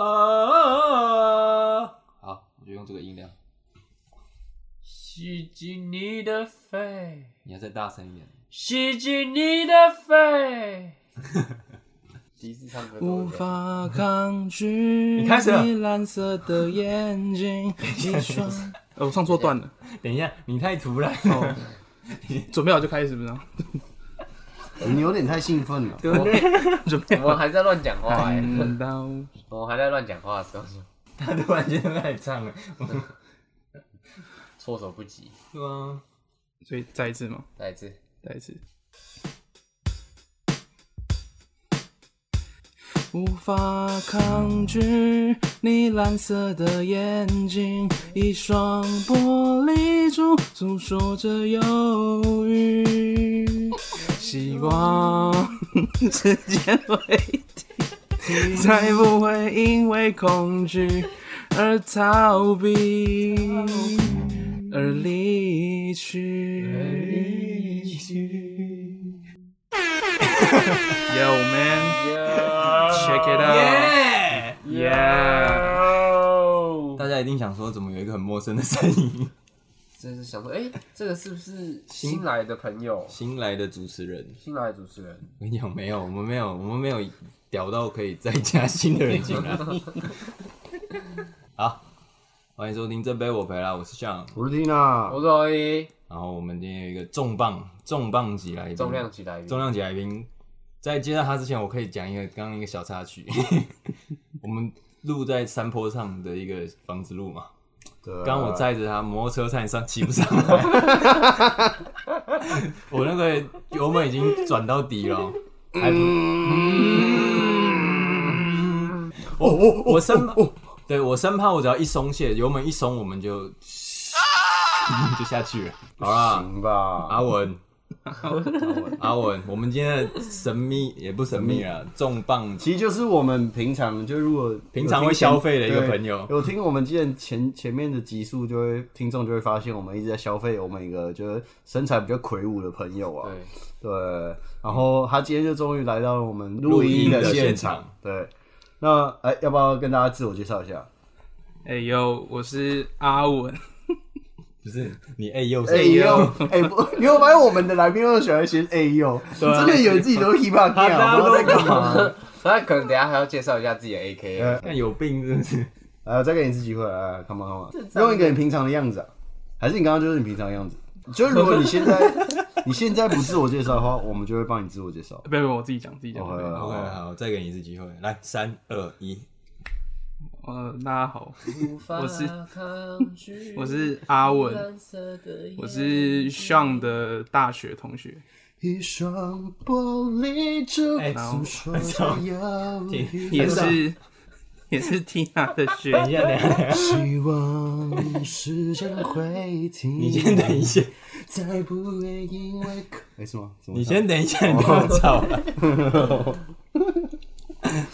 啊、uh，好，我就用這個音量。襲擊你的肺，你要再大聲一點。襲擊你的肺，無法抗拒你藍色的眼睛你。等一哈，我唱錯段了。等一下，你太突然了，哦。你準備好就開始，不是嗎？你有點太興奮了，我還在亂講話哎、欸 ，我還在亂講話，的時候，他突然間開始唱了， 措手不及，是嗎？所以再一次嗎？再一次，再一次，無法抗拒你藍色的眼睛，一雙玻璃珠訴說着憂鬱。希望時間會停，才不會因為恐懼而逃避，而離去。 Yo man，check it out，yeah，yeah，yeah。大家一定想說，怎麼有一個很陌生的聲音？真是想說，哎、欸，這個是不是新來的朋友新？新來的主持人，新來的主持人。我跟你講，沒有，我們沒有，我們沒有屌到可以再加新的人進來。 好，歡迎收聽《這杯我陪啦》，我是向，我是蒂娜，我是阿一。然後我們今天有一個重磅，重磅級來賓，重量級來賓，重量級來賓。在介紹他之前，我可以講一個剛剛一個小插曲。 我們錄在山坡上的一個房子錄嘛。剛我載着他摩托車，差點上騎不上來。 我那個油門已經轉到底囉、Okay. 太了，還、Mm-hmm. Oh, oh, oh, oh, oh, oh. ……我我我身……對我生怕我只要一鬆懈、Oh, oh, oh, oh.，油門一鬆，我們就、Ah! 就下去。了好了， 了好啦 行吧，阿文。 阿文，阿文 我們今天的神秘也不神秘啊，秘重磅其實就是我們平常就如果平常會消費的一個朋友，有聽我們之前前前，前面的集數，就會聽眾就會發現我們一直在消費我們一個就是身材比較魁梧的朋友啊，對，對，然後他今天就終於來到了我們錄音，音的現場，對，那哎、欸、要不要跟大家自我介紹一下？哎、欸、呦，yo, 我是阿文。不是你 A U A U，哎、 欸，你有沒有發現我們的來賓都喜歡先 A U？你真的以為自己都是 Hip-Hop，我在幹嘛？ 他可能等下還要介紹一下自己的 A K，看、啊、有病，是不是 來！我再給你一次機會啊，come on come on 用一個很平常的樣子、啊， 還是你剛剛就是你平常的樣子？ 就是如果你現在你現在不自我介紹的話，我們就會幫你自我介紹。不要不要，我自己講自己講。Oh, OK OK，, okay, okay, okay. 好，再給你一次機會，來三二一。3, 2, 呃，大家好，我是 我是阿文，我是 Sean 的大學同學，一雙玻璃珠，哎、欸，我操、欸，也是也是聽他的學、 欸，你先等一下、啊，再不會因為，哎，什麼？你先等一下，你給我走了。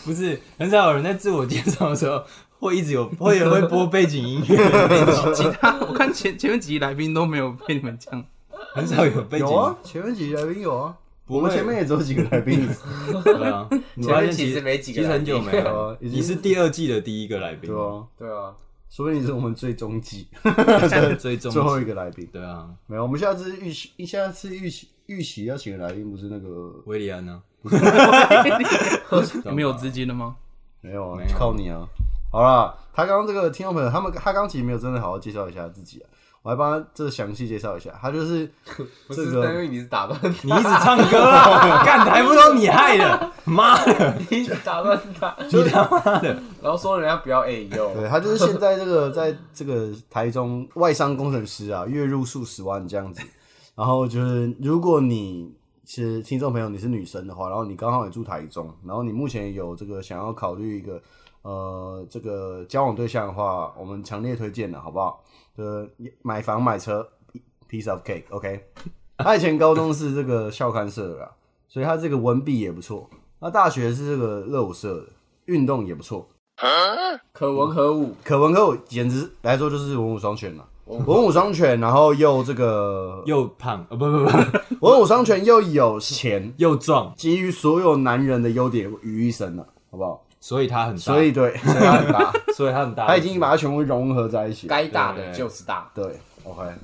不是很少有人在自我介紹的時候會一直有，會也會播背景音樂。 其他我看前前面幾期來賓都沒有被你們這樣， 很少有背景。有啊，前面幾期來賓有啊。我們前面也有幾個來賓， 對啊，前面其實沒幾個幾，其實很久沒有，啊。你是第二季的第一個來賓。對啊，對啊，所以你是我們最終季， 最終最後一個來賓，啊。對啊，沒有。我們下次預習，下次預習預習要請的來賓不是那個維里安呢，啊？ 沒有資金了嗎？沒有，靠你啊！好了，他剛剛這個聽眾朋友，他們他剛其實沒有真的好好介紹一下自己啊，我還幫他這詳細介紹一下。他就是這個，不是但因為你是打斷你一直唱歌幹、啊、的， 還不都你害的？媽 的，你一直打斷他，就他媽的，打打就是、 打斷打 然後說人家不要哎呦，對他就是現在這個在這個台中外商工程師啊，月入數十萬這樣子，然後就是如果你。其實聽眾朋友，你是女生的話，然後你剛好也住台中，然後你目前有這個想要考慮一個，呃，這個交往對象的話，我們強烈推薦的，好不好？的、這個，買房買車，piece of cake，OK、okay? 啊、以前高中是這個校刊社的啦，所以他這個文筆也不錯。他大學是這個熱舞社的，運動也不錯。可文可武、嗯，可文可武，簡直來說就是文武雙全了。文、oh、武雙全，然後又這個又胖啊、oh, 不，不不不，文武雙全又有錢 又壯，基於所有男人的優點於一身了，好不好？所以他很大，所以對，所以他很大， 所以他很大，他已經把它全部融合在一起了，該大的就是大。對，對，對，對，OK，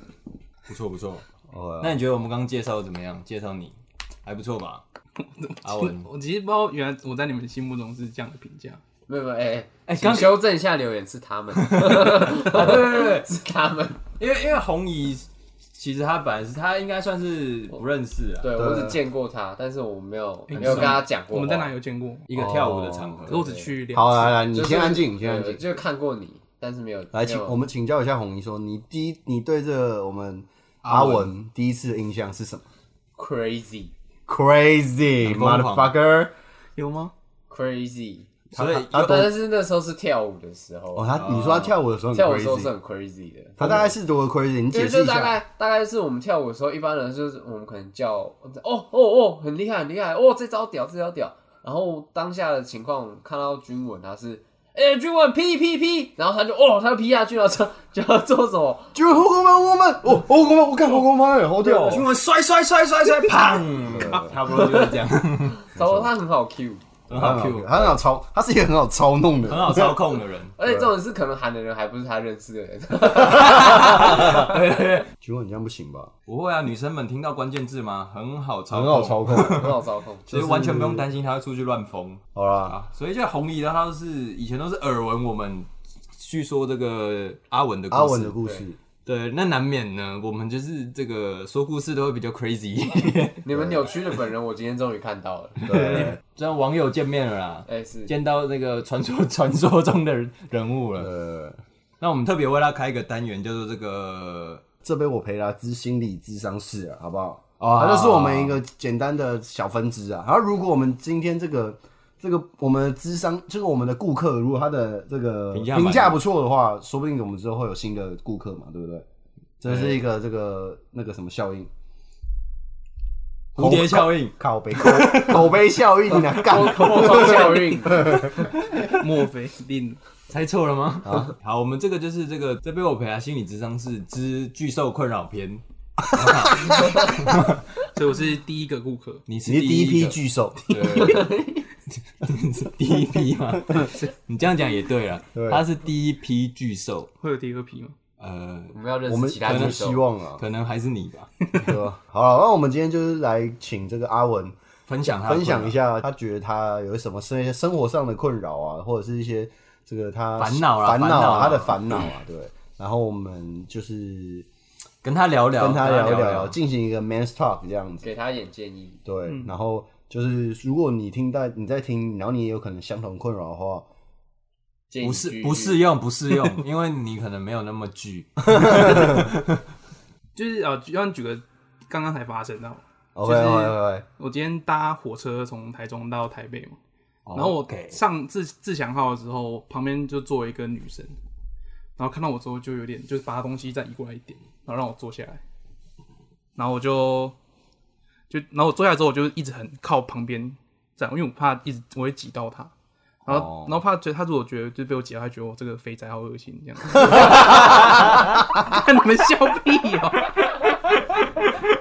不錯不錯。不錯 oh, yeah. 那你覺得我們剛剛介紹的怎麼樣？介紹你還不錯吧 阿文，我其實不知道原來我在你們心目中是這樣的評價。沒有沒有哎哎，欸欸、剛修正一下留言是他們、 啊，對對對對，是他們。因為因為紅姨其實他本來是他應該算是不認識啊，對,對我只見過他，但是我沒有、欸、沒有跟他講過。我們在哪有見過一個跳舞的場合？我只去兩次。好來來，你先安靜，就是、先安靜。就看過你，但是沒有。來，請我們請教一下紅姨，說你第一，你對着我們阿文第一次的印象是什麼？Crazy，Crazy Crazy, motherfucker，有嗎？Crazy。所以，他但,但是那時候是跳舞的時候。哦，他你說他跳舞的時候，跳舞的時候是很 crazy 的。他大概是多 crazy？對你解釋一下。對就是大概大概是我們跳舞的時候，一般人就是我們可能叫哦哦哦，很厲害很厲害，哦、oh, 這招屌這招屌。然後當下的情況看到君文他是，哎、欸、君文劈劈劈，然後他就哦他就劈下去了，這就要做什麼？君文後空翻、哦 OK, 我護哦我看後空翻好屌。君 文摔摔摔摔摔，砰！ 啪 差不多就是這樣。找到他很好 Q。很好，cue，他很好，他很好操，他是一個很好操弄的，很好操控的人。而且這種是可能喊的人還不是他認識的人。哈哈哈哈哈！其實你這樣不行吧？我會啊，女生們聽到關鍵字嗎？很好操，很好操控，很好操控。其實完全不用擔心他會出去亂瘋、就是、好啦，啊、所以這紅姨呢，她都是以前都是耳聞我們去說這個阿文的阿文的故事。對，那難免呢，我們就是這個說故事都會比較 crazy。你們扭曲的本人，我今天終於看到了，對，這樣網友見面了啦，哎、欸，是見到那個傳說傳說中的人物了。呃，那我們特別為他開一個單元，叫、就、做、是、這個“這杯我陪他之、啊、心理諮商室、啊”，好不好？Oh, 啊，那是我們一個簡單的小分支啊。然、啊、後，如果我們今天這個。這個我們的諮商，這、就、個、是、我們的顧客，如果他的這個評價不錯的話，說不定我們之後會有新的顧客嘛，對不對，對？這是一個這個那個什麼效應？蝴蝶效應？口碑口口碑效應？哪搞、啊？墨效應？ 莫非定猜錯了嗎？好，我們這個就是這個這杯我陪啦，心理諮商室之巨獸困擾篇 很好 所以我是第一個顧客，你是第一批巨獸。對 是第一批嗎？ 你這樣講也對了，他是第一批巨獸，會有第二批嗎？呃，我們要認識其他巨獸了，可能還是你吧。 對吧、啊？好了、啊，那我們今天就是來請這個阿文分享分享一下，他覺得他有什麼一些生活上的困擾啊，或者是一些這個他煩惱煩惱他的煩惱啊，對。然後我們就是跟他聊聊跟他聊聊，進行一個 man's talk 這樣子，給他一點建議。對，對嗯、然後。就是如果你聽到你在聽，然後你也有可能相同困擾的話，不是不是用不是用，是用 因為你可能沒有那麼巨。 就是啊，舉舉個剛剛才發生的，okay, 就是我今天搭火車從台中到台北嘛，okay. 然後我上自自強號的時候，旁邊就坐一個女生，然後看到我之後就有點就是把東西再移過來一點，然後讓我坐下來，然後我就。就然後我坐下來之後，我就一直很靠旁邊站，因為我怕一直我會擠到他，oh. 然後然後怕他，他如果覺得就被我擠到，他覺得我這個肥宅好噁心這樣。 看你們笑屁哦！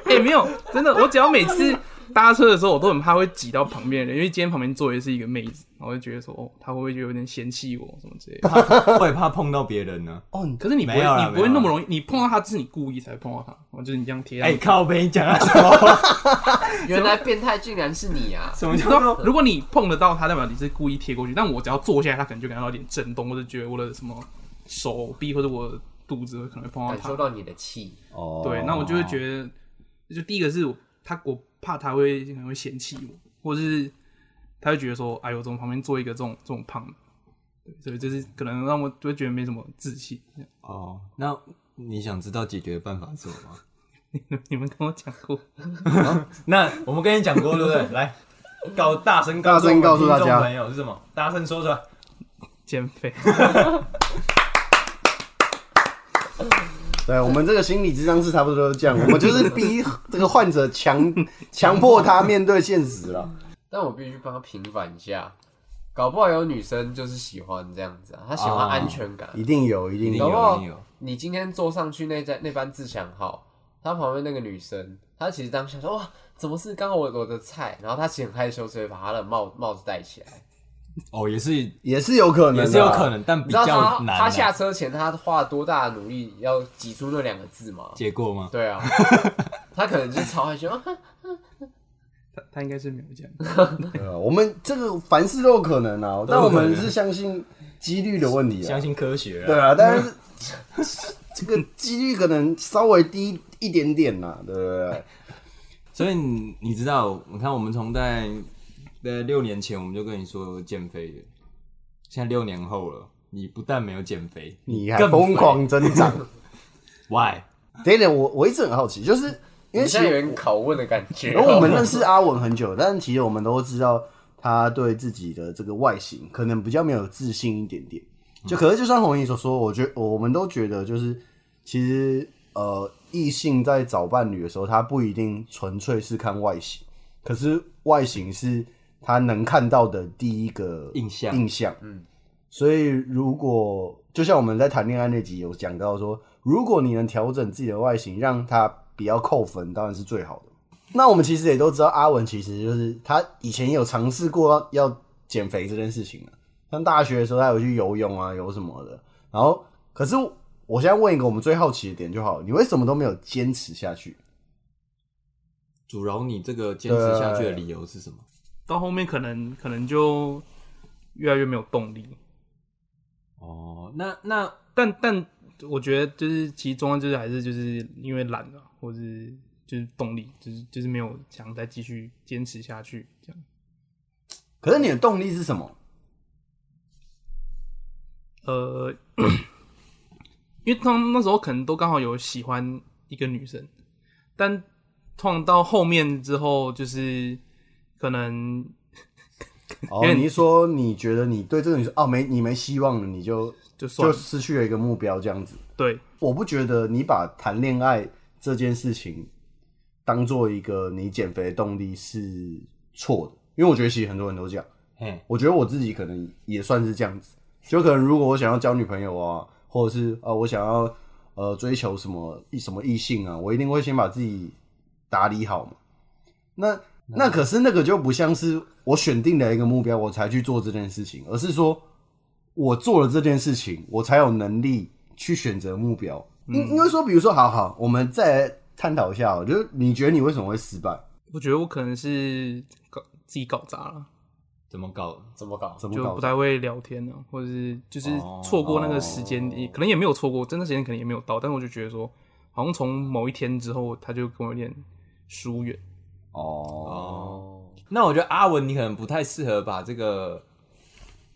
哎、欸，沒有，真的，我只要每次。搭車的時候我都很怕會擠到旁邊的人，因為今天旁邊坐的是一個妹子，我就覺得說哦，她會不會就有點嫌棄我什麼之類的？ 我也怕碰到別人呢、啊。哦，可是你不會沒有，你不會那麼容易，你碰到她這、嗯、是你故意才會碰到她。我就是你這樣貼。哎、欸欸，靠北你講的什麼？ 原來變態竟然是你啊！ 什麼叫做？ 如果你碰得到她，代表你是故意貼過去。但我只要坐下來，她可能就感覺到有點震動，或者覺得我的什麼手臂或者我的肚子可能會碰到她，感受到你的氣。哦， 對，那我就會覺得，就第一個是，她我。怕他會很會嫌棄我，或是他會覺得說：“哎呦，我從旁邊坐一個這種這種胖的，所以就是可能讓我就覺得沒什麼自信。”哦，那你想知道解決的辦法是什麼？你們跟我講過。啊、 那我們跟你講過，對不對？來，搞大聲告大聲，大聲告訴大家，朋友是什麼？大聲說出來，減肥。 對，我們這個心理智商是差不多都這樣，我們就是逼這個患者強強 迫他面對現實了。但我必須幫他平反一下，搞不好有女生就是喜歡這樣子啊，她喜歡安全感。哦，一定有，一定有。然後你今天坐上去那在那班自強號，他旁邊那個女生，她其實當下說，哇，怎麼是剛好我我的菜？然後她其實很害羞，所以把她的帽帽子戴起來。哦，也是也是有可能、啊，也是有可能，但比較難、啊，你知道他。他下車前，他花了多大的努力要擠出那兩個字嗎？結果嗎？對啊， 他可能就超害羞、啊。他他應該是沒有講。 對啊，我們這個凡事都有可能啊。能啊，但我們是相信幾率的問題、啊，相信科學、啊。對啊，但是 這個幾率可能稍微低一點點吶、啊，對不對、啊？所以你你知道，你看我們從在。在六年前我們就跟你說減肥的，現在六年後了，你不但沒有減肥，你還瘋狂增長。 Why？等等，我我一直很好奇，就是因為其實像有人拷問的感覺，喔。我們認識阿文很久，但是其實我們都知道他對自己的這個外形可能比較沒有自信一點點。就可能就像紅英所說，我覺得我們都覺得就是其實呃異性在找伴侶的時候，他不一定純粹是看外形，可是外形是。他能看到的第一個印象、印象，嗯，所以如果就像我們在談戀愛那集有講到說，如果你能調整自己的外形，讓他比較扣分，當然是最好的。那我們其實也都知道，阿文其實就是他以前也有嘗試過要減肥這件事情了，像大學的時候他有去游泳啊，有什麼的。然後，可是我，我現在問一個我們最好奇的點就好，你為什麼都沒有堅持下去？阻撓，你這個堅持下去的理由是什麼？到後面可能可能就越來越沒有動力。哦，那那但但我覺得就是其中的就是還是就是因為懶了，或是就是動力就是就是沒有想再繼續堅持下去這樣。可是你的動力是什麼？呃， 因為他們那時候可能都剛好有喜歡一個女生，但突然到後面之後就是。可能哦、 oh, 你是說你覺得你對這個女生哦沒你沒希望了，你就就就失去了一個目標這樣子。對，我不覺得你把談戀愛這件事情當做一個你減肥的動力是錯的，因為我覺得其實很多人都這樣，嗯， 我覺得我自己可能也算是這樣子，就可能如果我想要交女朋友啊，或者是啊、呃、我想要呃追求什麼異什麼異性啊，我一定會先把自己打理好嘛，那。那可是那個就不像是我選定了一個目標，我才去做這件事情，而是說，我做了這件事情，我才有能力去選擇目標。因、嗯、因為說，比如說，好好，我們再來探討一下。我覺得，你覺得你為什麼會失敗？我覺得我可能是搞自己搞砸了。怎麼搞？怎麼搞？怎麼就不太會聊天呢，或者是就是錯過那個時間點、哦，可能也沒有錯過，真的時間可能也沒有到，但我就覺得說，好像從某一天之後，他就跟我有點疏遠。哦、oh, oh.，那我覺得阿文，你可能不太適合把這個，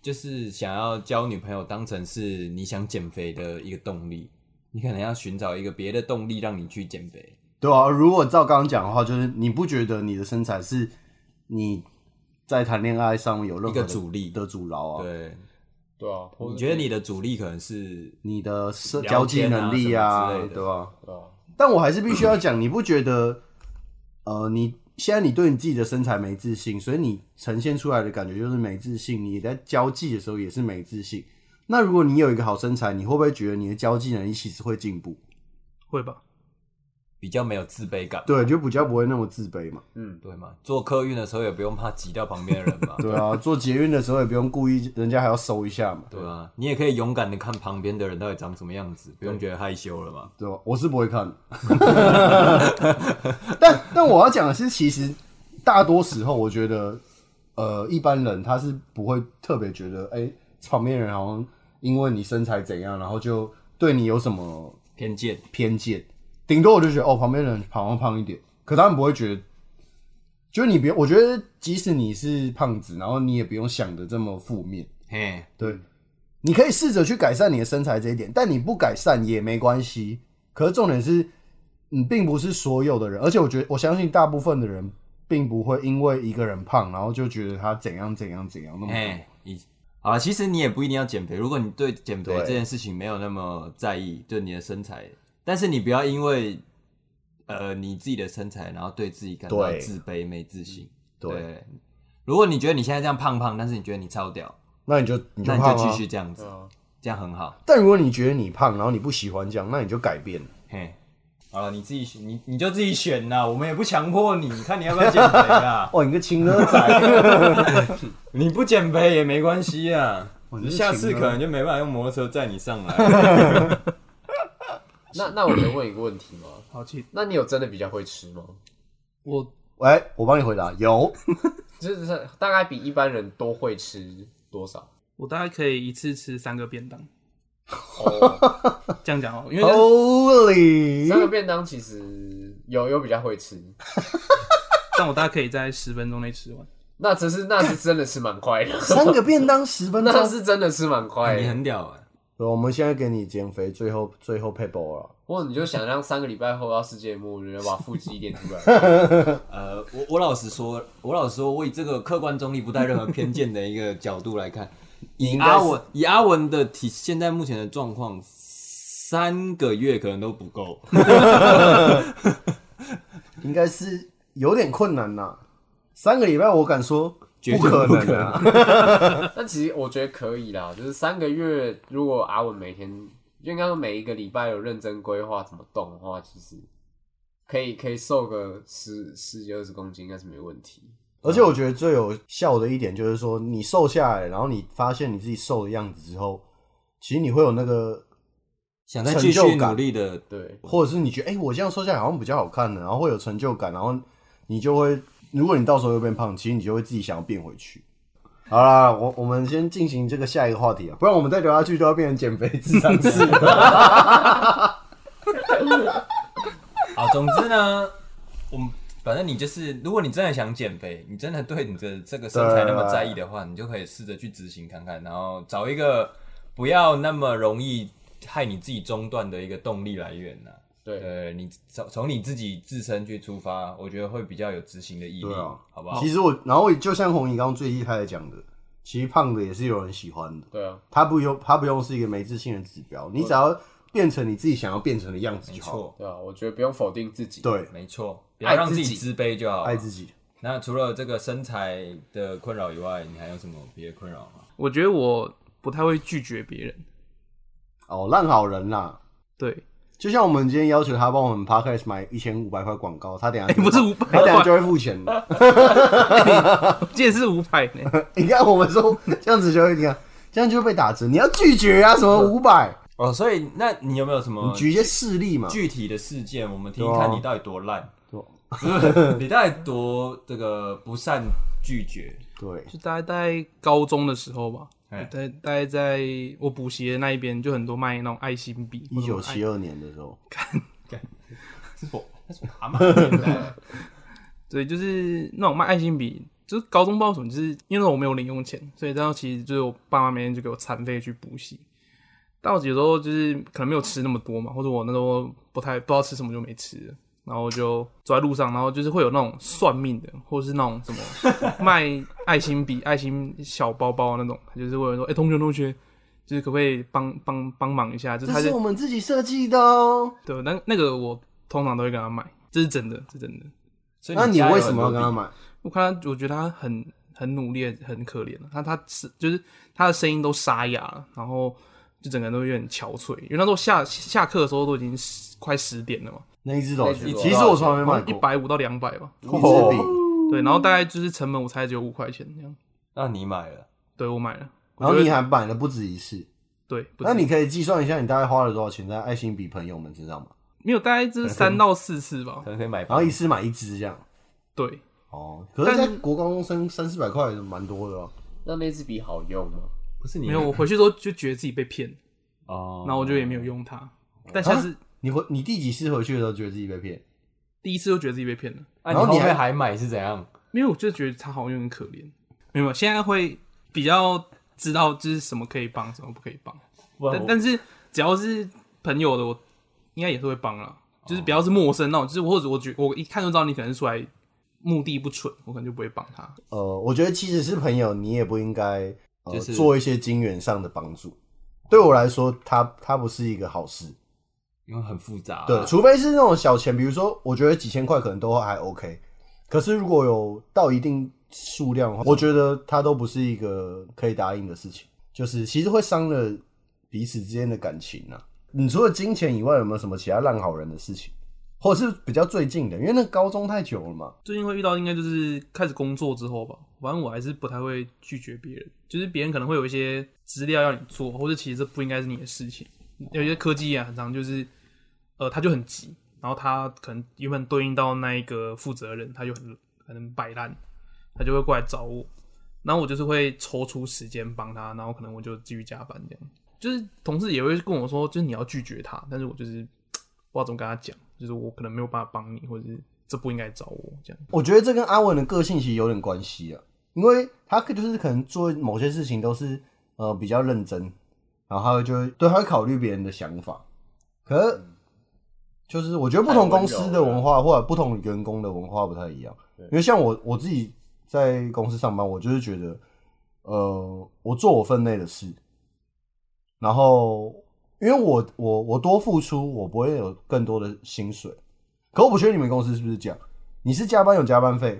就是想要交女朋友當成是你想減肥的一個動力。你可能要尋找一個別的動力讓你去減肥。對啊，如果照剛剛講的話，就是你不覺得你的身材是你在談戀愛上有任何一個阻力的阻撓啊？對，對啊。你覺得你的阻力可能是你的、啊、交際能力啊，對啊，對啊。 但我還是必須要講，你不覺得，呃，你。現在你對你自己的身材沒自信，所以你呈現出來的感覺就是沒自信，你在交際的時候也是沒自信。那如果你有一個好身材，你會不會覺得你的交際能力其實會進步？會吧。比較沒有自卑感，對，就比較不會那麼自卑嘛。嗯，對嘛。坐客運的時候也不用怕擠掉旁邊的人嘛。 對啊，坐捷運的時候也不用故意人家還要收一下嘛。對啊，對你也可以勇敢的看旁邊的人到底長什麼樣子，不用覺得害羞了嘛。對啊，我是不會看。 但但我要講的是，其實大多時候，我覺得，呃，一般人他是不會特別覺得，哎，旁邊人好像因為你身材怎樣，然後就對你有什麼偏見？偏見。頂多我就覺得哦，旁邊的人胖胖一點，可他們不會覺得。就你別，我覺得即使你是胖子，然後你也不用想的這麼負面。嘿，對，你可以試着去改善你的身材這一點，但你不改善也沒關係。可是重點是，你並不是所有的人，而且我覺得我相信大部分的人並不會因為一個人胖，然後就覺得他怎樣怎樣怎樣那麼。嘿，你啊，其實你也不一定要減肥。如果你對減肥這件事情沒有那麼在意，對，對你的身材。但是你不要因為，呃，你自己的身材，然後對自己感到自卑、沒自信對對。對，如果你覺得你現在這樣胖胖，但是你覺得你超屌，那你就你就繼續這樣子，嗯，這樣很好。但如果你覺得你胖，然後你不喜歡這樣，嗯、那你就改變嘿，好了，你自己選，你你就自己選啦。我們也不強迫你。你看你要不要減肥啊？哦，你個親哥仔，你不減肥也沒關係啊。你 下次可能就沒辦法用摩托車載你上來。 那那我能問一個問題嗎？ 好奇，那你有真的比較會吃嗎？我，餵、欸，我幫你回答，有， 就是大概比一般人都會吃多少？我大概可以一次吃三個便當。哦， 這樣講講哦， 因為 o 三個便當其實有有比較會吃， 但我大概可以在十分鐘內吃完。那只是那是真的是蠻快的， 三個便當十分鐘，那是真的是蠻快的，啊，你很屌啊，欸。對，我們現在給你減肥，最後最後配薄了。不過你就想讓三個禮拜後要世界末日，要把腹肌練出來。 呃，我我老實說，我老實說，我以這個客觀中立、不帶任何偏見的一個角度來看，以阿文以阿文的體現在目前的狀況，三個月可能都不夠， 應該是有點困難吶。三個禮拜，我敢說。不可能、啊，啊、 但其實我覺得可以啦。就是三個月，如果阿文每天，因為剛剛每一個禮拜有認真規劃怎麼動的話、就是，其實可以可以瘦個十十幾二十公斤，應該是沒問題。而且我覺得最有效的一點就是說，你瘦下來，然後你發現你自己瘦的樣子之後，其實你會有那個想再繼續努力的，對，或者是你覺得哎、欸，我這樣瘦下來好像比較好看呢，的然後會有成就感，然後你就會。如果你到時候又變胖，其實你就會自己想要變回去。好啦，我我們先進行這個下一個話題啊，不然我們再聊下去都要變成減肥雜誌了。 好，總之呢，我們，反正你就是，如果你真的想減肥，你真的對你的這個身材那麼在意的話，你就可以試着去執行看看，然後找一個不要那麼容易害你自己中斷的一個動力來源啊。對，呃、你從從你自己自身去出發，我覺得會比較有執行的意義、對啊，好不好？其實我，然後我就像紅姨剛剛最厲害的講的，其實胖的也是有人喜歡的。對啊，他不用，他不用是一個沒自信的指標，你只要變成你自己想要變成的樣子就好。沒錯。對啊，我覺得不用否定自己。對，沒錯，別讓自己自卑就好。愛自己，愛自己。那除了這個身材的困擾以外，你還有什麼別的困擾嗎？我覺得我不太會拒絕別人，哦，爛好人啦、啊。對。就像我們今天要求他幫我們 podcast 買一千五百塊廣告，他等下，欸、不是五百，他等下就會付錢的。哈哈哈哈哈！這也是五百呢？你、 欸、看我們說這樣子就會你看這樣就會被打折，你要拒絕啊！什麼五百？哦，所以那你有沒有什麼？你舉一些事例嘛，具體的事件，我們聽一，啊、看你到底多爛，對 你到底多這個不善拒絕？對，就大概在高中的時候吧。對，大概在我補習的那一邊，就很多賣那種愛心筆。一九七二年的時候，幹，幹，是我那是哪所對，就是那種賣愛心筆，就是高中報暑，就是因為我沒有零用錢，所以這樣其實就是我爸媽每天就給我餐費去補習。到時有時候就是可能沒有吃那麼多嘛，或者我那時候不太不知道吃什麼就沒吃。然後就走在路上，然後就是會有那種算命的，或者是那種什麼賣愛心筆、 愛心小包包那種，他就是會有說：“哎、欸，同學，同學，就是可不可以幫幫幫忙一下？”就是這是我們自己設計的哦。對，那那個我通常都會跟他買，這是真的，是真的。所以你那你為什麼要跟他買？我看他，我覺得他很很努力，很可憐。他他是就是他的聲音都沙啞了，然後。就整個人都有點憔悴，因為那時候下下課的時候都已經十快十點了嘛。那一支筆，其實我從來沒買過一百五到兩百吧，一支筆。對，然後大概就是成本，我猜只有五塊錢這樣。那你買了？對，我買了。然後你還買了不止一次。對，不止一次。那你可以計算一下，你大概花了多少錢在愛心筆朋友們身上嗎？沒有，大概就是三到四次吧，可能，可能可以買，然後一次買一支這樣。對。哦，可是在但國高中生三四百塊蠻多的哦、啊。那那支筆好用嗎？不是你沒有，我回去的時候就覺得自己被騙，哦、嗯，然後我就也沒有用它。但下次、啊、你會你第幾次回去的時候覺得自己被騙？第一次就覺得自己被騙了、啊。然後你會還、還買是怎樣？沒有我就覺得他好像有點可憐。沒有，現在會比較知道就是什麼可以幫，什麼不可以幫。但但是只要是朋友的，我應該也是會幫了、嗯。就是比較是陌生那種，就是或者我覺我一看就知道你可能是出來目的不純，我可能就不會幫他。呃，我覺得即使是朋友，你也不應該。呃就是、做一些金錢上的幫助，對我來說，它它不是一個好事，因為很複雜、啊。對，除非是那種小錢，比如說我覺得幾千塊可能都還 OK。可是如果有到一定數量的話，我覺得它都不是一個可以答應的事情，就是其實會傷了彼此之間的感情吶、啊。你除了金錢以外，有沒有什麼其他爛好人的事情？或者是比較最近的，因為那個高中太久了嘛。最近會遇到應該就是開始工作之後吧。反正我還是不太會拒絕別人，就是別人可能會有一些資料要你做，或者其實這不應該是你的事情。有些科技也很常就是，呃，他就很急，然後他可能原本對應到那一個負責人，他就很可能擺爛，他就會過來找我。然後我就是會抽出時間幫他，然後可能我就繼續加班這樣。就是同事也會跟我說，就是你要拒絕他，但是我就是不知道怎麼跟他講。就是我可能沒有辦法幫你，或者是這不應該找我這樣。我覺得這跟阿文的個性其實有點關係啊，因為他就是可能做某些事情都是呃比較認真，然後他就對他會考慮別人的想法。可是就是我覺得不同公司的文化或者不同員工的文化不太一樣，因為像我我自己在公司上班，我就是覺得呃我做我分內的事，然後。因為我我我多付出，我不會有更多的薪水，可我不確定你們公司是不是這樣。你是加班有加班費？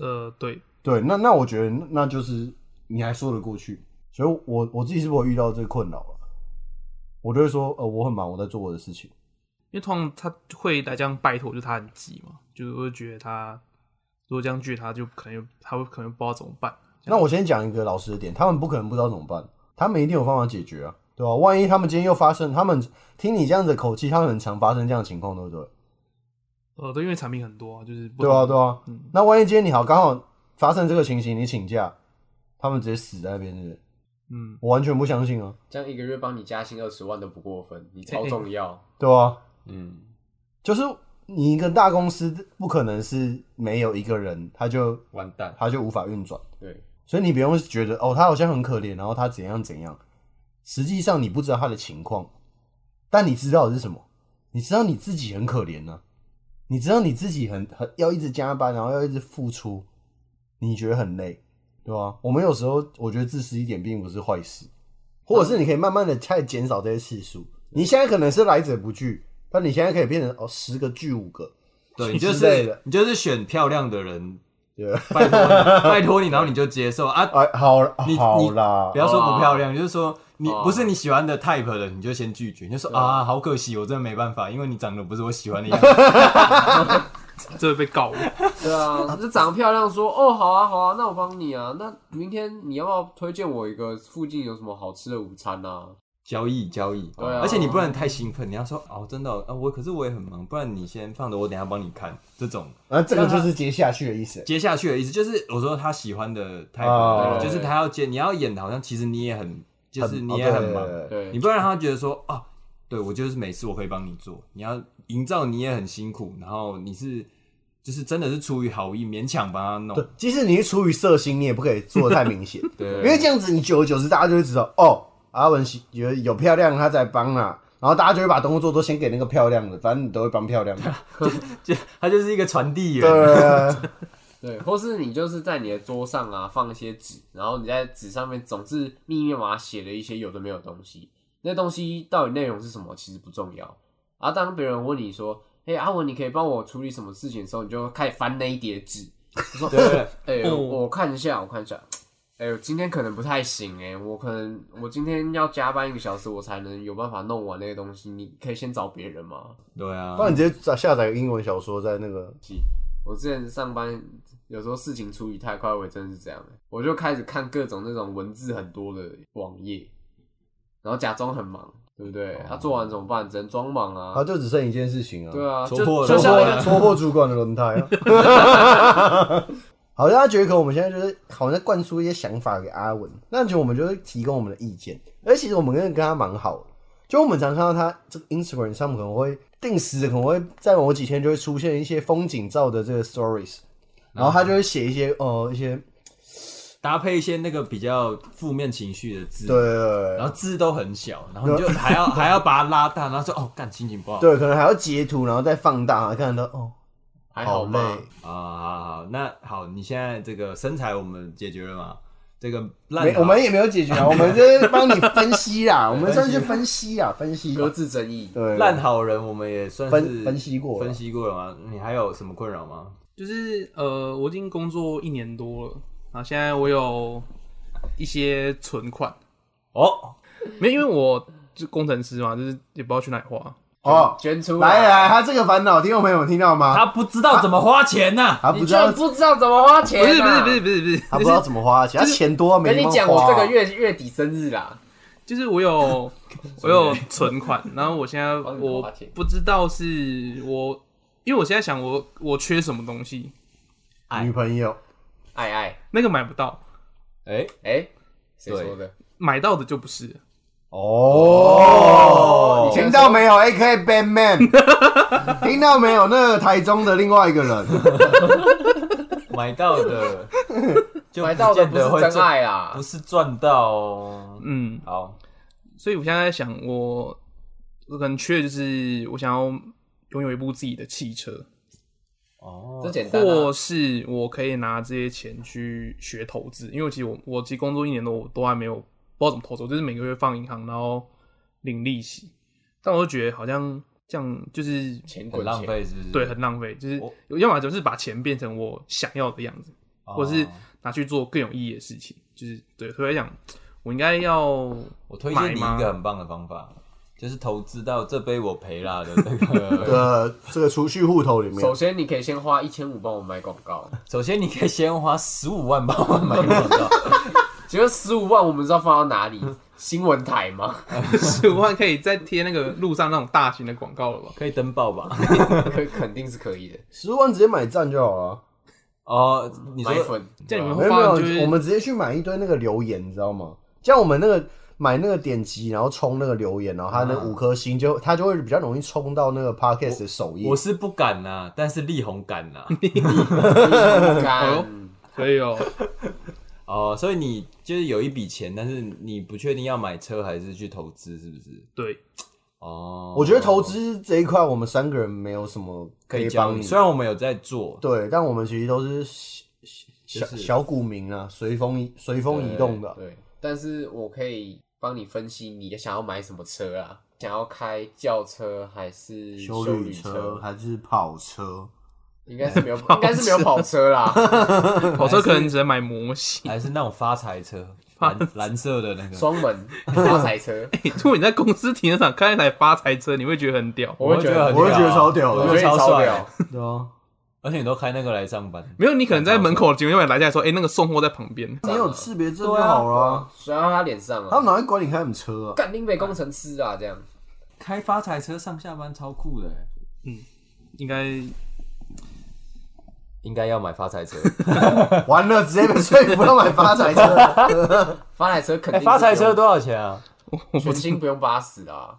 呃，對對，那那我覺得那就是你還說得過去。所以我，我我自己是不是遇到這個困擾了？我就會說，呃，我很忙，我在做我的事情。因為通常他會來這樣拜托，就是、他很急嘛，就是會覺得他如果這樣拒他，就可能他會他可能不知道怎麼辦。那我先講一個老實的點，他們不可能不知道怎麼辦，他們一定有方法解決啊。對吧，萬一他們今天又發生，他們聽你這樣子的口氣，他們很常發生這樣的情況，對不對？呃，對，因為產品很多，啊，就是不對啊。對啊，嗯。那萬一今天你好，剛好發生這個情形，你請假，他們直接死在那邊，嗯。我完全不相信哦，這樣一個月幫你加薪二十萬都不過分，你超重要，嘿嘿對啊。嗯。就是你一個大公司，不可能是沒有一個人他就完蛋，他就無法運轉。對。所以你不用覺得哦，他好像很可憐，然後他怎樣怎樣。實際上你不知道他的情況，但你知道的是什麼？你知道你自己很可憐呢、啊，你知道你自己很很要一直加班，然後要一直付出，你覺得很累，對吧？我們有時候我覺得自私一點並不是壞事，或者是你可以慢慢的再減少這些次數。啊、你現在可能是來者不拒，但你現在可以變成哦十個拒五個，對，你就是你就是選漂亮的人，對，拜託你 拜託你拜託你，然後你就接受啊，啊，好，你好啦你，你，你不要說不漂亮，啊、就是說。你不是你喜歡的 type 的，你就先拒絕，你就說啊，好可惜，我真的沒辦法，因為你長得不是我喜歡的樣子。哈哈哈哈哈！這被告了。對啊，就長得漂亮說，說 哦，好啊，好啊，那我幫你啊，那明天你要不要推薦我一個附近有什麼好吃的午餐啊？交易交易，對。對啊、而且你不能太興奮，你要說哦，真的，哦、我可是我也很忙，不然你先放着，我等一下幫你看。這種啊，這個就是接下去的意思、嗯。接下去的意思就是，我說他喜歡的 type，、哦、對對對就是他要接，你要演的，好像其實你也很。就是你也很忙，哦、對對對你不然讓他覺得說啊，對,對,對,對,、哦、對我就是每次我可以幫你做，你要營造你也很辛苦，然後你是就是真的是出於好意勉強幫他弄。即使你是出於色心，你也不可以做得太明顯， 對，因為這樣子你久而久之大家就會知道，哦，阿文有有漂亮他在幫啊，然後大家就會把動作做都先給那個漂亮的，反正你都會幫漂亮的， 就,就他就是一個傳遞員。 對，或是你就是在你的桌上啊放一些紙，然後你在紙上面總是密密麻麻寫了一些有的沒有的東西，那東西到底內容是什麼其實不重要。然、啊、後當別人問你說：“哎，阿文，你可以幫我處理什麼事情的時候，你就開始翻那一疊紙， 說：欸、 我看一下，我看一下。哎、欸，今天可能不太行、欸，哎，我可能我今天要加班一個小時，我才能有辦法弄完那些東西。你可以先找別人嘛。對啊，不然你直接下載英文小說在那個。我之前上班有時候事情處理太快，我也真的是這樣的。我就開始看各種那種文字很多的網頁，然後假裝很忙，對不對？他、嗯啊、做完怎麼辦？只能裝忙啊。他、啊、就只剩一件事情啊。對啊，戳破了，戳破了，戳破主管的輪胎啊！ 好，大家覺得可能我們現在就是好像在灌輸一些想法給阿文，那就我們就是提供我們的意見，而且其實我們跟他跟他蠻好的，就我們常看到他這個 Instagram 上面可能會。定時的可能會在某幾天就會出現一些風景照的這個 stories，然後他就會寫一些、嗯、呃一些搭配一些那個比較負面情緒的字，對，對，對，對，然後字都很小，然後你就還要 還要把它拉大，然後說哦幹，心情不好，對，可能還要截圖然後再放大，看到哦還好累。啊，哦、好，好，好，那好，你現在這個身材我們解決了嗎？這個爛，我們也沒有解決啊， 我們就是幫你分析啦， 我們算是分析啊，分析、分析、分析各自爭議，對，爛好人，我們也算是分析過分，分析過了嗎？嗯？你還有什麼困擾嗎？就是呃，我已經工作一年多了啊，然後現在我有一些存款哦， 沒，因為我是工程師嘛，就是也不知道去哪裡花。哦，捐出來、哦、來、來！他這個煩惱，聽眾朋友們聽到嗎？他不知道怎麼花錢呢、啊，他，他不知道，不知道怎麼花錢、啊！不是不是不是不是不是，他不知道怎麼花錢，就是、他錢多沒花、啊，就是？跟你講，我這個月月底生日啦，就是我有我有存款， 然後我現在我不知道是我，因為我現在想我我缺什麼東西？女朋友？愛愛？那個買不到？哎、欸、哎，誰、欸、說的？買到的就不是。哦、oh, oh，聽到沒有？AK Batman， 聽到沒有？那個台中的另外一個人， 買到的，就不見得、喔，買到的不是真愛啦，不是賺到、喔。嗯，好、oh。所以我現在在想，我我可能缺的就是我想要擁有一部自己的汽車。哦，這簡單。或是我可以拿這些錢去學投資，因為其實我我其實工作一年多，我都還沒有。不知道怎麼投資，就是每個月放銀行，然後領利息。但我就覺得好像這樣就是錢對錢，很浪費，是不是？對，很浪費。我就是要麼就是把錢變成我想要的樣子，哦、或者是拿去做更有意義的事情。就是對，所以我想我應該要。我推薦你一個很棒的方法，就是投資到這杯我陪啦的這個 這個儲蓄戶頭裡面。首先，你可以先花一千五幫我買廣告。首先，你可以先花十五萬幫我買廣告。 覺得十五萬，我們知道放到哪裡？新聞台嗎？十 五萬可以在貼那個路上那種大型的廣告了吧？ 可以登報吧？ 可以，肯定是可以的。十五萬直接買贊就好了哦，你，說粉你們、啊、沒有，沒有、就是、我們直接去買一堆那個留言，你知道嗎？像我們那個買那個點擊，然後衝那個留言，然後他那五顆星就他、嗯、就，就會比較容易衝到那個 podcast 的首頁。我是不敢吶、啊，但是力宏敢吶、啊，敢 宏感，可、 哎、以哦。 哦、uh，所以你就是有一筆錢，但是你不確定要買車還是去投資，是不是？對，哦、uh，我覺得投資這一塊，我們三個人沒有什麼可以幫你，你。雖然我們有在做，對，但我們其實都是小、就是、小小股民啊，隨風隨風移動的對。對，但是我可以幫你分析，你想要買什麼車啊？想要開轎車還是休旅車，休旅車還是跑車？應該是沒有，跑應該是沒有跑車啦。 跑車可能只能買模型， 還是那種發財車，藍藍色的那個雙門發財車。哎、 欸，如果你在公司停車場開 一台發財車，你會覺得很屌？我會覺得很屌，我會覺得很屌，我會覺得超屌的，我覺得超帥。對啊，而且你都開那個來上班？沒有，你可能在門口警衛員攔下說：“哎、欸，那個送貨在旁邊。”你有識別證就好了，甩到、啊啊、他臉上了他們哪會管你開什麼車啊？幹零北工程師啊，這樣開發財車上下班超酷的、欸。嗯，應該。應該要買發財車， 完了直接被吹。不用買發財車， 發財車肯定發財車多少錢啊？全新不用八十啊！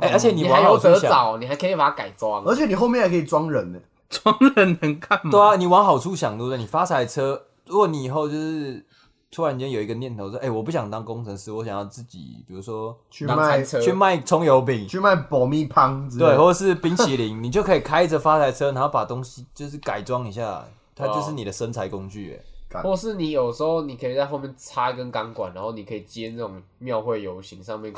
哎、欸，而且你往好處想、嗯、你還有得找，你還可以把它改裝，而且你後面還可以裝人呢。裝 人能幹嘛？對啊，你往好處想，對不對？你發財車，如果你以後就是。突然間有一個念頭說：“哎、欸，我不想當工程師，我想要自己，比如說去賣去賣蔥油餅，去賣爆米香，對，或者是冰淇淋， 你就可以開着發財車，然後把東西就是改裝一下，它就是你的生財工具、欸。或是你有時候你可以在後面插根鋼管，然後你可以接那種廟會遊行上面，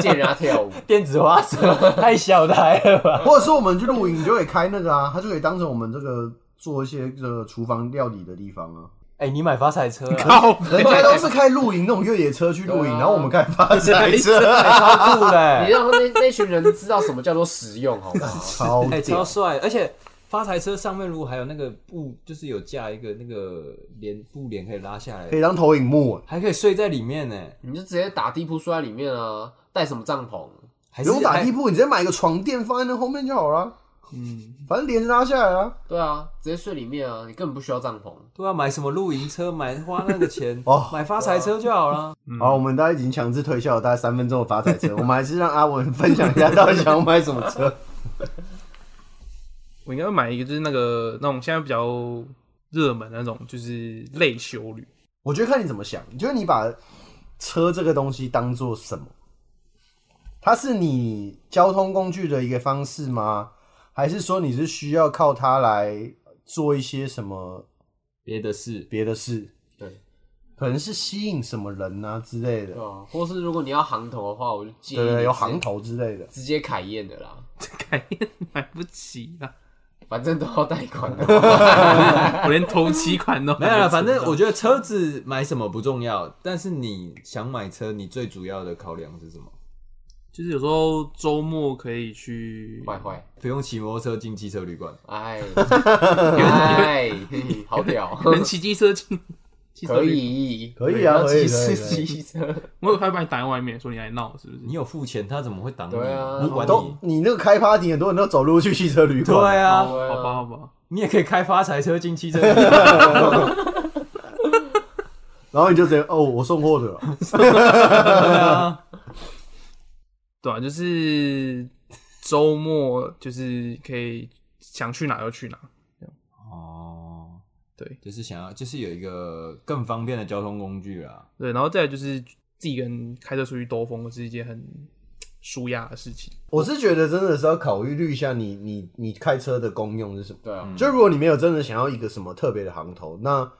見人家跳舞 電子花車 太小台了吧？ 或者說我們去露營你就可以開那個啊，它就可以當成我們這個做一些這個廚房料理的地方啊。”哎、欸，你買發財車、啊高，人家都是開露營那種越野車去露營、啊，然後我們開發財車來超酷嘞、欸！ 你讓那那群人知道什麼叫做實用哦，超酷、欸，超帥！而且發財車上面如果還有那個布，就是有架一個那個簾布簾可以拉下來，可以當投影幕，還可以睡在裡面呢、欸。你就直接打地鋪睡在裡面啊，帶什麼帳篷？不用打地鋪，直接買一個床墊放在那後面就好了。嗯，反正簾子拉下來啊，對啊，直接睡裡面啊，你根本不需要帳篷。都要、啊、買什麼露營車，買花那個錢， 哦、買發財車就好了、嗯。好，我們大概已經強制推銷了大概三分鐘的發財車， 我們還是讓阿文分享一下到底想要買什麼車。 我應該會買一個，就是那個那種現在比較熱門那種，就是類休旅。我覺得看你怎麼想，就是你把車這個東西當做什麼，它是你交通工具的一個方式嗎？還是說你是需要靠它來做一些什麼別的事？別的事，對，可能是吸引什麼人啊之類的、啊，或是如果你要行頭的話，我就建議，有行頭之類的，直接凱宴的啦。凱宴買不起啊，反正都要貸款的， 連頭期款都沒有了、啊。反正我覺得車子買什麼不重要，但是你想買車，你最主要的考量是什麼？其實有時候周末可以去，壞壞，不用騎摩托車進汽車旅館。哎，哎，好屌，能騎機車進汽車旅館？可以，可以啊，騎機車。 我有拍拍你擋在外面，說你來鬧，是不是？你有付錢，他怎麼會擋你？啊，你我都，你那個開 party 很多人都走路去汽車旅館。對啊好，好吧，好吧，你也可以開發財車進汽車旅館 然後你就直接哦，我送貨去了。 對啊。對啊，就是周末，就是可以想去哪就去哪。哦，對，就是想要，就是有一個更方便的交通工具啦。對，然後再來就是自己跟開車出去兜風，是一件很舒壓的事情。我是覺得真的是要考慮慮一下你，你你你開車的功用是什麼？對啊，就如果你沒有真的想要一個什麼特別的行頭，那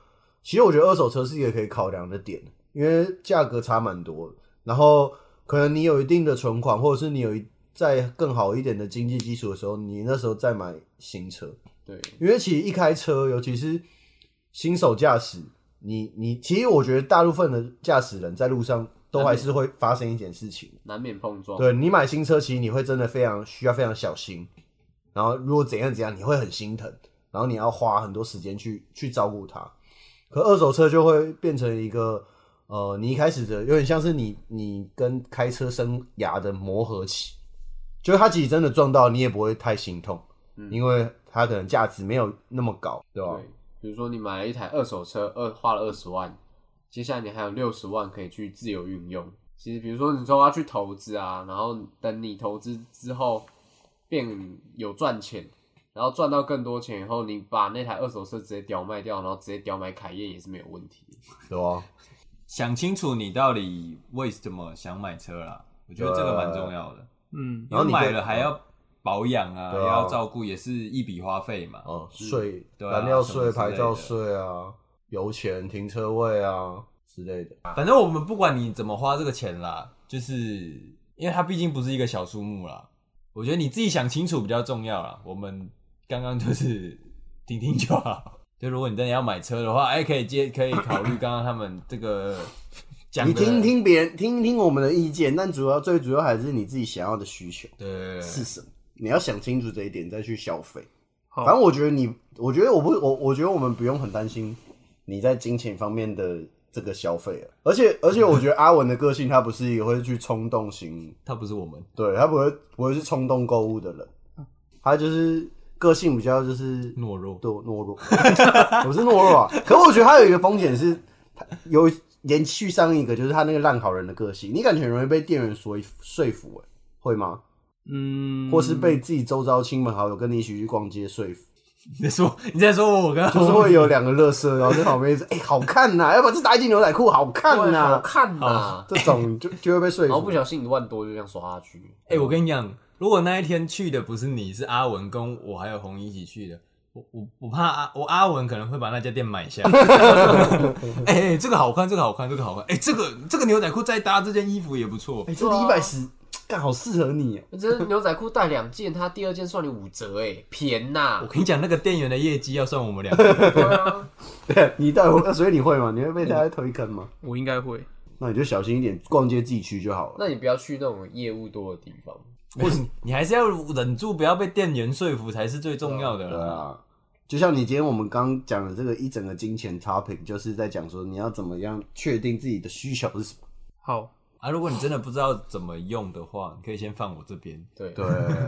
其實我覺得二手車是一個可以考量的點，因為價格差蠻多，然後。可能你有一定的存款，或者是你有一在更好一點的經濟基礎的時候，你那時候再買新車。對，因為其實一開車，尤其是新手駕駛，你你其實我覺得大部分的駕駛人在路上都還是會發生一件事情，難免碰撞。對，你買新車，其實你會真的非常需要非常小心，然後如果怎樣怎樣，你會很心疼，然後你要花很多時間去去照顧它。可二手車就會變成一個。呃，你一開始的有點像是你你跟開車生涯的磨合期，就是它即使真的撞到你也不會太心痛，嗯，因為它可能價值沒有那麼高，對吧、啊？對，比如說你買了一台二手車，二花了二十萬，接下來你還有六十萬可以去自由運用。其實比如說你說要去投資啊，然後等你投資之後變有賺錢，然後賺到更多錢以後，你把那台二手車直接調賣掉，然後直接調買凱宴也是沒有問題，對吧、啊？想清楚你到底為什麼想買車啦，我覺得這個蠻重要的。嗯、啊，你買了還要保養啊，嗯、也要照顧、啊、也，也是一筆花費嘛。哦、嗯，稅、對啊，燃料稅、牌照稅啊，油錢、停車位啊之類的。反正我們不管你怎麼花這個錢啦，就是因為它畢竟不是一個小數目啦。我覺得你自己想清楚比較重要啦。我們剛剛就是聽聽就好。就如果你真的要買車的話，哎、欸，可以接，可以考慮剛剛他們這個講，你聽聽別人，聽一聽我們的意見，但主要最主要還是你自己想要的需求，對，對，是什麼？你要想清楚這一點再去消費。哦。反正我覺得你，我覺得我不，我我覺得我們不用很擔心你在金錢方面的這個消費了。而且而且，我覺得阿文的個性他不是也會去衝動型，他不是我們，對他不會不會是衝動購物的人，他就是。個性比較就是懦弱，對，懦弱， 我是懦弱啊。可我覺得他有一個風險是，他有延續上一個，就是他那個爛好人的個性，你感覺很容易被店員說說服、欸，會嗎？嗯，或是被自己周遭親朋好友跟你一起去逛街說服？你在說你在說我剛剛？就是會有兩個垃圾，然後在旁邊說：“哎、欸，好看吶、啊，要把這搭一件牛仔褲好看吶、啊，好看吶、啊。啊”這種就就會被說服，然後不小心一萬多就這樣刷下去。哎，我跟你講。如果那一天去的不是你，是阿文跟我還有紅一起去的，我我我怕阿我阿文可能會把那家店買下。哎、 欸欸，這個好看，這個好看，這個好看。哎、欸，這個這個牛仔褲再搭這件衣服也不錯。哎、欸，這個一百、啊、好適合你、啊。這牛仔褲帶兩件，他第二件算你五折、欸，哎，便宜、啊、吶。我跟你講，那個店員的業績要算我們兩個、 啊啊、你帶我，所以你會嗎？你會被大家推坑嗎？嗯、我應該會。那你就小心一點，逛街自己去就好了。那你不要去那種業務多的地方。不是你還是要忍住，不要被店員說服才是最重要的、啊。對啊，就像你今天我們剛講的這個一整個金錢 topic，就是在講說你要怎麼樣確定自己的需求是什麼。好啊，如果你真的不知道怎麼用的話，你可以先放我這邊。對對，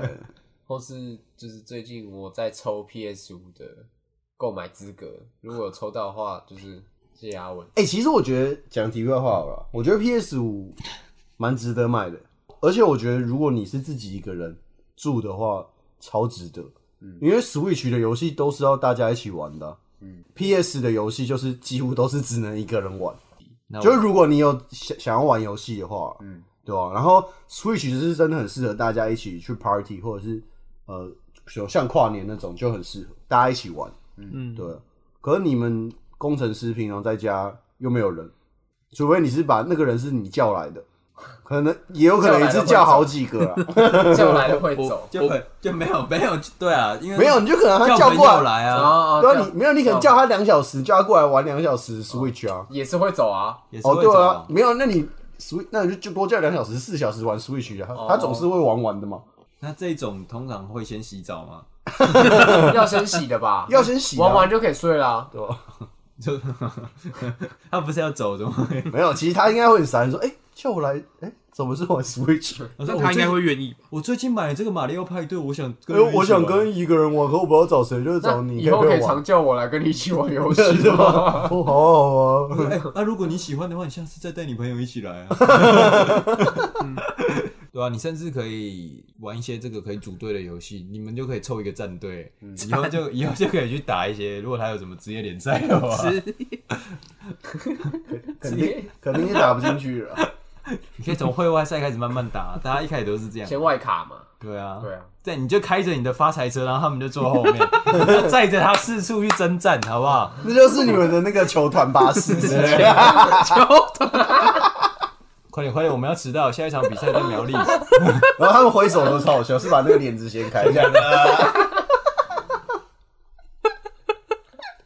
或是就是最近我在抽 PS 五的購買資格，如果有抽到的話，就是謝謝阿文。哎、欸，其實我覺得講題外話好了，我覺得 PS 五蠻值得買的。而且我覺得，如果你是自己一個人住的話，超值得。嗯，因為 Switch 的遊戲都是要大家一起玩的啊。嗯，PS 的遊戲就是幾乎都是只能一個人玩。嗯，就是如果你有想想要玩遊戲的話，嗯，對吧，啊？然後 Switch 就是真的很適合大家一起去 party，或者是呃，像跨年那種就很適合大家一起玩。嗯，對，啊。可是你們工程師平常在家又沒有人，除非你是把那個人是你叫來的。可能也有可能一次叫好幾個，叫來的會走， 的會走，就會就沒有沒有對啊，因為沒有你就可能他叫過來，要要來啊，啊，那、啊、你沒有你可能叫他兩小時、啊叫，叫他過來，他過來，他過來玩兩小時 Switch 啊，也是會走啊、哦，也是會走啊、哦啊，啊，沒有那你 Switch 那你就就多叫兩小時四小時玩 Switch、啊他，啊、他總是會玩完的嘛。那這種通常會先洗澡嗎？ 要先洗的吧，要先洗玩完就可以睡了、啊就以睡了啊、對就 他不是要走的嗎？沒有， 其實他應該會閃說，欸叫我來，誒、欸怎麼是玩 Switch？他那他應該會願意。我最近，我最近買了這個《馬里奧派對》，我想跟、欸。我想跟一個人玩，可我不知道找誰，就是找你，以後可以常叫我來跟你一起玩遊戲，是吧？ 哦，好啊好啊。那、欸啊、如果你喜歡的話，你下次再帶你朋友一起來啊、 嗯。對啊，你甚至可以玩一些這個可以組隊的遊戲，你們就可以湊一個戰隊、嗯，以後就以後就可以去打一些。如果他有什麼職業聯賽的話，職 是 肯定肯定也打不進去。了。你可以從會外賽開始慢慢打，大家一開始都是這樣先外卡嘛。對啊，對啊，對，你就開着你的發財車，然後他們就坐後面，載 着他四處去征戰，好不好？那就是你們的那個球團巴士。 球團 快點，快點，我們要遲到，下一場比賽就苗栗， 然後他們揮手都超好笑，我是把那個簾子掀開這樣的。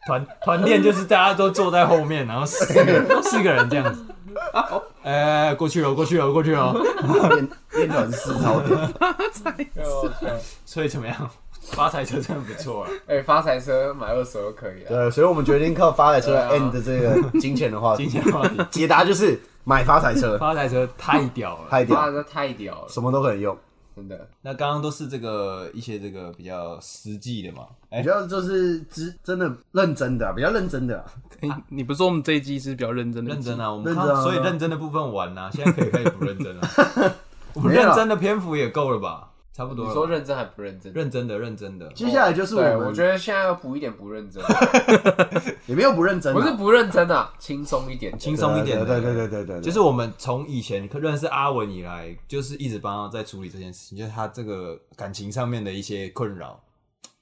團團練就是大家都坐在後面，然後四 四個人這樣子。啊哦哎、欸，過去了，過去了，過去了， 變變冷思考的，所以怎麼樣？發財車真的不錯啊！哎、欸，發財車買二手就可以、啊。對，所以我們決定靠發財車來 end 這個金錢的話， 金錢的話題。金錢話題解答就是買發財車。 發財車太屌了，太屌，發財車太屌了，什麼都可以用。真的，那剛剛都是這個一些這個比較實際的嘛？哎、欸，比較就是真真的認真的、啊，比較認真的、啊啊。你不是說我們這一集是比較認真的，認真啊，我們剛剛，所以認真的部分完啦、啊啊，現在可以開始不認真了、啊。 我們認真的篇幅也夠了吧？ 差不多、嗯。你說認真還不認真？認真的，認真的。接下來就是我，我覺得現在要補一點不認真。 也沒有不認真、啊，不是不認真啊，輕鬆一點，輕鬆一點、欸。對對對對，對對對對對，就是我們從以前認識阿文以來，就是一直幫他在處理這件事情，就是他這個感情上面的一些困擾。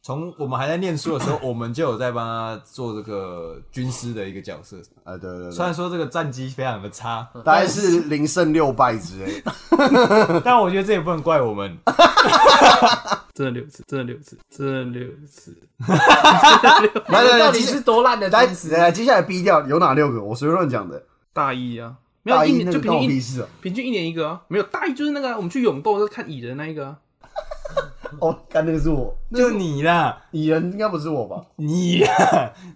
從我們還在念書的時候，我們就有在幫他做這個軍師的一個角色啊，呃、對對，對。雖然說這個戰績非常的差，但是零勝六敗之哎， 但我覺得這也不能怪我們， 真的六次，真的六次，真的六次，來來來，到底是多爛的單詞？接下來 B 掉有哪六個？我隨便亂講的，大一啊，沒有，大一那個、就平均一次、啊，平均一年一個、啊，沒有，大一就是那個、啊、我們去勇鬥就看蟻人的那一個、啊。哦，剛那個是我，就你啦。蟻人應該不是我吧？你，